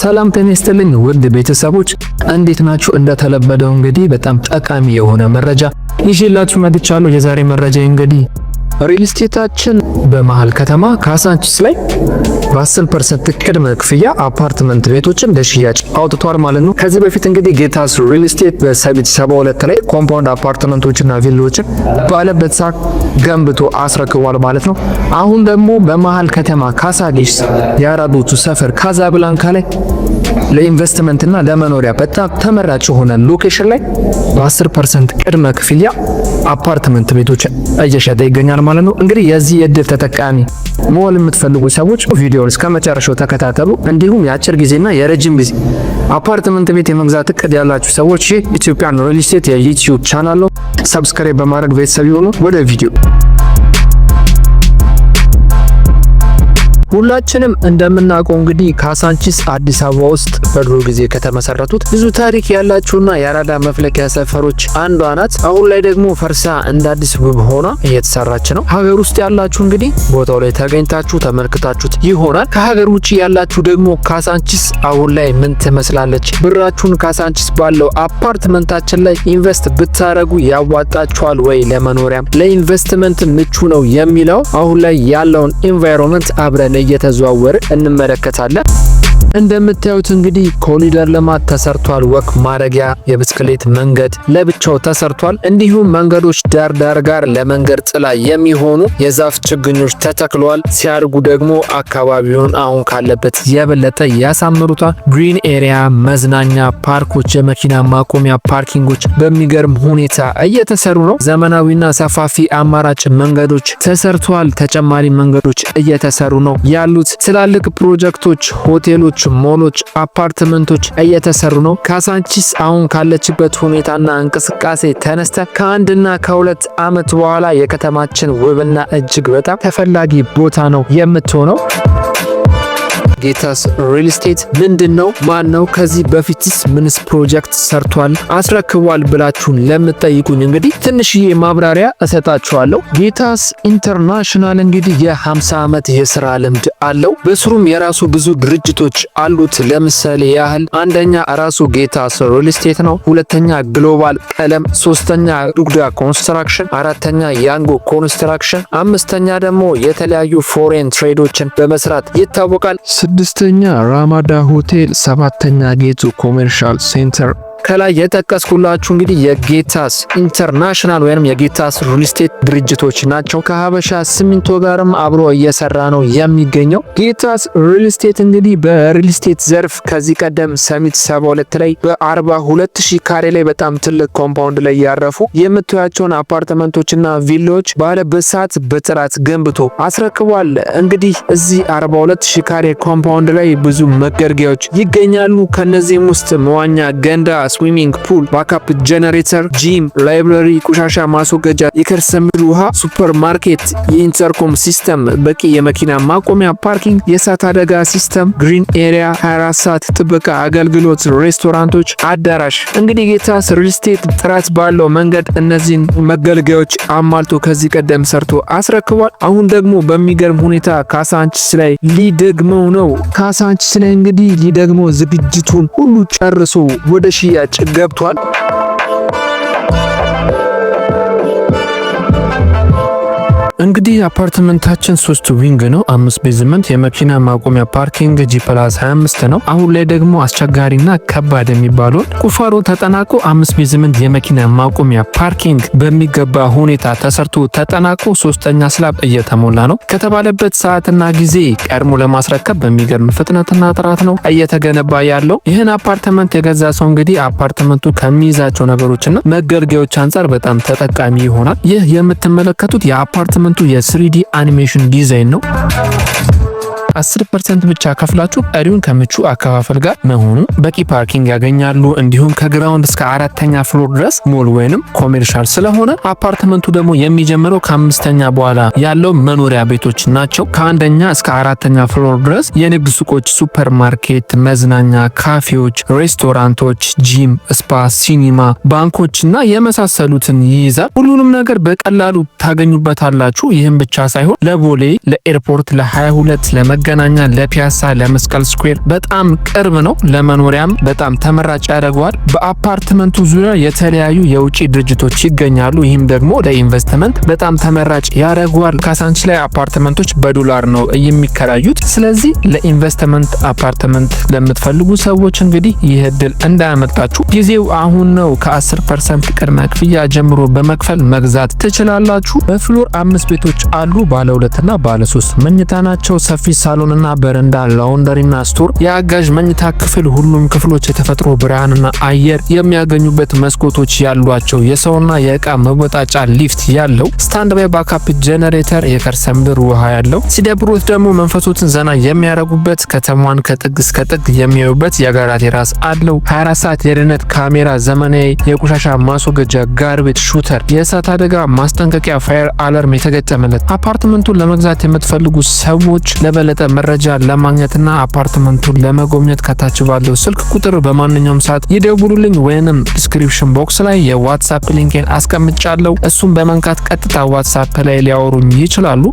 ሰላም ጤና ይስጥልኝ ውድ ቤተሰቦች እንዴት ናችሁ? እንደተለመደው እንግዲህ በጣም ጠቃሚ የሆነ መረጃ ይዤላችሁ መጥቻለሁ። የዛሬ መረጃ እንግዲህ ሪል ስቴታችን በመሃል ከተማ ካሳንቺስ ላይ በ10% ቅድመ ክፍያ አፓርትመንት ቤቶችን ለሽያጭ አውጥቷል ማለት ነው። ከዚህ በፊት እንግዲህ ጌታስ ሪል ስቴት በሰሚት 72 ላይ ኮምፓውንድ አፓርትመንቶችና ቪላዎችን ባለበት ሰዓት ገንብቶ አስረክቧል ማለት ነው። አሁን ደግሞ በመሀል ከተማ ካሳዲስ የአረቦቹ ሰፈር ካዛብላንካ ላይ ለኢንቨስትመንትና ለመኖሪያ በጣም ተመራጭ የሆነ ሎኬሽን ላይ በ10 ፐርሰንት ቅድመ ክፍያ አፓርትመንት ቤቶች እየሸጠ ይገኛል ማለት ነው። እንግዲህ የዚህ የእድል ተጠቃሚ መሆን የምትፈልጉ ሰዎች ቪዲዮውን እስከ መጨረሻው ተከታተሉ። እንዲሁም የአጭር ጊዜና የረጅም ጊዜ አፓርትመንት ቤት የመግዛት እቅድ ያላችሁ ሰዎች ኢትዮጵያን ሪል ስቴት የዩቲዩብ ቻናል ነው። ሰብስክራይብ በማድረግ ቤተሰብ ይሁኑ። ወደ ቪዲዮ ሁላችንም እንደምናውቀው እንግዲህ ካሳንቺስ አዲስ አበባ ውስጥ በድሮ ጊዜ ከተመሰረቱት ብዙ ታሪክ ያላቸውና የአራዳ መፍለቂያ ሰፈሮች አንዷ ናት። አሁን ላይ ደግሞ ፈርሳ እንደ አዲስ ውብ ሆና እየተሰራች ነው። ሀገር ውስጥ ያላችሁ እንግዲህ ቦታው ላይ ተገኝታችሁ ተመልክታችሁት ይሆናል። ከሀገር ውጭ ያላችሁ ደግሞ ካሳንቺስ አሁን ላይ ምን ትመስላለች? ብራችሁን ካሳንቺስ ባለው አፓርትመንታችን ላይ ኢንቨስት ብታደረጉ ያዋጣችኋል ወይ? ለመኖሪያም ለኢንቨስትመንት ምቹ ነው የሚለው አሁን ላይ ያለውን ኢንቫይሮንመንት አብረን እየተዘዋወርን እንመለከታለን። እንደምታዩት እንግዲህ ኮሊደር ልማት ተሰርቷል። ወክ ማረጊያ የብስክሌት መንገድ ለብቻው ተሰርቷል። እንዲሁም መንገዶች ዳር ዳር ጋር ለመንገድ ጥላ የሚሆኑ የዛፍ ችግኞች ተተክለዋል። ሲያድጉ ደግሞ አካባቢውን አሁን ካለበት የበለጠ ያሳምሩታል። ግሪን ኤሪያ፣ መዝናኛ ፓርኮች፣ የመኪና ማቆሚያ ፓርኪንጎች በሚገርም ሁኔታ እየተሰሩ ነው። ዘመናዊና ሰፋፊ አማራጭ መንገዶች ተሰርቷል። ተጨማሪ መንገዶች እየተሰሩ ነው ያሉት ትላልቅ ፕሮጀክቶች፣ ሆቴሎች ሞሎች፣ አፓርትመንቶች እየተሰሩ ነው። ካሳንቺስ አሁን ካለችበት ሁኔታና እንቅስቃሴ ተነስተ ከአንድና ከሁለት ዓመት በኋላ የከተማችን ውብና እጅግ በጣም ተፈላጊ ቦታ ነው የምትሆነው። ጌታስ ሪል ስቴት ምንድን ነው? ማን ነው? ከዚህ በፊትስ ምንስ ፕሮጀክት ሰርቷል አስረክቧል? ብላችሁን ለምትጠይቁኝ እንግዲህ ትንሽዬ ማብራሪያ እሰጣችኋለሁ። ጌታስ ኢንተርናሽናል እንግዲህ የ50 ዓመት የስራ ልምድ አለው። በስሩም የራሱ ብዙ ድርጅቶች አሉት። ለምሳሌ ያህል አንደኛ ራሱ ጌታስ ሪል ስቴት ነው፣ ሁለተኛ ግሎባል ቀለም፣ ሶስተኛ ዱግዳ ኮንስትራክሽን፣ አራተኛ ያንጎ ኮንስትራክሽን፣ አምስተኛ ደግሞ የተለያዩ ፎሬን ትሬዶችን በመስራት ይታወቃል። ስድስተኛ ራማዳ ሆቴል፣ ሰባተኛ ጌቱ ኮሜርሻል ሴንተር ከላይ የጠቀስኩላችሁ እንግዲህ የጌታስ ኢንተርናሽናል ወይም የጌታስ ሪል ስቴት ድርጅቶች ናቸው። ከሀበሻ ሲሚንቶ ጋርም አብሮ እየሰራ ነው የሚገኘው። ጌታስ ሪል ስቴት እንግዲህ በሪል ስቴት ዘርፍ ከዚህ ቀደም ሰሚት 72 ላይ በ42 ሺህ ካሬ ላይ በጣም ትልቅ ኮምፓውንድ ላይ ያረፉ የምታያቸውን አፓርትመንቶችና ቪላዎች ባለ ብሳት በጥራት ገንብቶ አስረክቧል። እንግዲህ እዚህ 42 ሺህ ካሬ ኮምፓውንድ ላይ ብዙ መገልገያዎች ይገኛሉ። ከነዚህም ውስጥ መዋኛ ገንዳ ስዊሚንግ ፑል፣ ባካፕ ጄኔሬተር ጂም፣ ላይብረሪ፣ ቆሻሻ ማስወገጃ፣ የከርሰ ምድር ውሃ፣ ሱፐርማርኬት ማርኬት፣ የኢንተርኮም ሲስተም፣ በቂ የመኪና ማቆሚያ ፓርኪንግ፣ የእሳት አደጋ ሲስተም፣ ግሪን ኤሪያ፣ 24 ሰዓት ጥበቃ አገልግሎት፣ ሬስቶራንቶች፣ አዳራሽ። እንግዲህ ጌታስ ሪል ስቴት ጥራት ባለው መንገድ እነዚህን መገልገያዎች አሟልቶ ከዚህ ቀደም ሰርቶ አስረክቧል። አሁን ደግሞ በሚገርም ሁኔታ ካሳንችስ ላይ ሊደግመው ነው። ካሳንቺስ ላይ እንግዲህ ሊደግመው ዝግጅቱን ሁሉ ጨርሶ ወደ ሽያጭ ገብቷል። እንግዲህ አፓርትመንታችን ሶስት ዊንግ ነው፣ አምስት ቤዝመንት፣ የመኪና ማቆሚያ ፓርኪንግ ጂ ፕላስ 25 ነው። አሁን ላይ ደግሞ አስቸጋሪና ከባድ የሚባለውን ቁፋሮ ተጠናቆ አምስት ቤዝመንት የመኪና ማቆሚያ ፓርኪንግ በሚገባ ሁኔታ ተሰርቶ ተጠናቆ ሶስተኛ ስላብ እየተሞላ ነው። ከተባለበት ሰዓትና ጊዜ ቀድሞ ለማስረከብ በሚገርም ፍጥነትና ጥራት ነው እየተገነባ ያለው። ይህን አፓርትመንት የገዛ ሰው እንግዲህ አፓርትመንቱ ከሚይዛቸው ነገሮችና መገልገያዎች አንጻር በጣም ተጠቃሚ ይሆናል። ይህ የምትመለከቱት የአፓርትመንት ሳምንቱ የስሪዲ አኒሜሽን ዲዛይን ነው። 10 ፐርሰንት ብቻ ከፍላችሁ ቀሪውን ከምቹ አከፋፈል ጋር መሆኑ በቂ ፓርኪንግ ያገኛሉ። እንዲሁም ከግራውንድ እስከ አራተኛ ፍሎር ድረስ ሞል ወይንም ኮሜርሻል ስለሆነ አፓርትመንቱ ደግሞ የሚጀምረው ከአምስተኛ በኋላ ያለው መኖሪያ ቤቶች ናቸው። ከአንደኛ እስከ አራተኛ ፍሎር ድረስ የንግድ ሱቆች፣ ሱፐር ማርኬት፣ መዝናኛ፣ ካፌዎች፣ ሬስቶራንቶች፣ ጂም፣ ስፓ፣ ሲኒማ፣ እና የመሳሰሉትን ይይዛል። ሁሉንም ነገር በቀላሉ ታገኙበታላችሁ። ይህም ብቻ ሳይሆን ለቦሌ፣ ለኤርፖርት፣ ለ22 ለመ መገናኛ ለፒያሳ ለመስቀል ስኩዌር በጣም ቅርብ ነው። ለመኖሪያም በጣም ተመራጭ ያደርገዋል። በአፓርትመንቱ ዙሪያ የተለያዩ የውጭ ድርጅቶች ይገኛሉ። ይህም ደግሞ ለኢንቨስትመንት በጣም ተመራጭ ያደርገዋል። ካሳንች ላይ አፓርትመንቶች በዶላር ነው የሚከራዩት። ስለዚህ ለኢንቨስትመንት አፓርትመንት ለምትፈልጉ ሰዎች እንግዲህ ይህ እድል እንዳያመልጣችሁ። ጊዜው አሁን ነው። ከ10 ፐርሰንት ቅድመ ክፍያ ጀምሮ በመክፈል መግዛት ትችላላችሁ። በፍሎር አምስት ቤቶች አሉ። ባለ ሁለትና ባለ ሶስት መኝታ ናቸው። ሰፊ ሳ ሳሎንና በረንዳ፣ ላውንደሪና ስቶር፣ የአጋዥ መኝታ ክፍል፣ ሁሉም ክፍሎች የተፈጥሮ ብርሃንና አየር የሚያገኙበት መስኮቶች ያሏቸው፣ የሰውና የእቃ መወጣጫ ሊፍት ያለው፣ ስታንድ ባይ ባካፕ ጄኔሬተር፣ የከርሰ ምድር ውሃ ያለው፣ ሲደብሩት ደግሞ መንፈሶትን ዘና የሚያረጉበት፣ ከተማዋን ከጥግ እስከ ጥግ የሚያዩበት የጋራ ቴራስ አለው። 24 ሰዓት የደህንነት ካሜራ፣ ዘመናዊ የቆሻሻ ማስወገጃ ጋርቤት ሹተር፣ የእሳት አደጋ ማስጠንቀቂያ ፋየር አለርም የተገጠመለት። አፓርትመንቱን ለመግዛት የምትፈልጉ ሰዎች ለበለ የበለጠ መረጃ ለማግኘትና አፓርትመንቱን ለመጎብኘት ከታች ባለው ስልክ ቁጥር በማንኛውም ሰዓት ይደውሉልኝ ወይንም ዲስክሪፕሽን ቦክስ ላይ የዋትሳፕ ሊንኬን አስቀምጫለሁ። እሱን በመንካት ቀጥታ ዋትሳፕ ላይ ሊያወሩኝ ይችላሉ።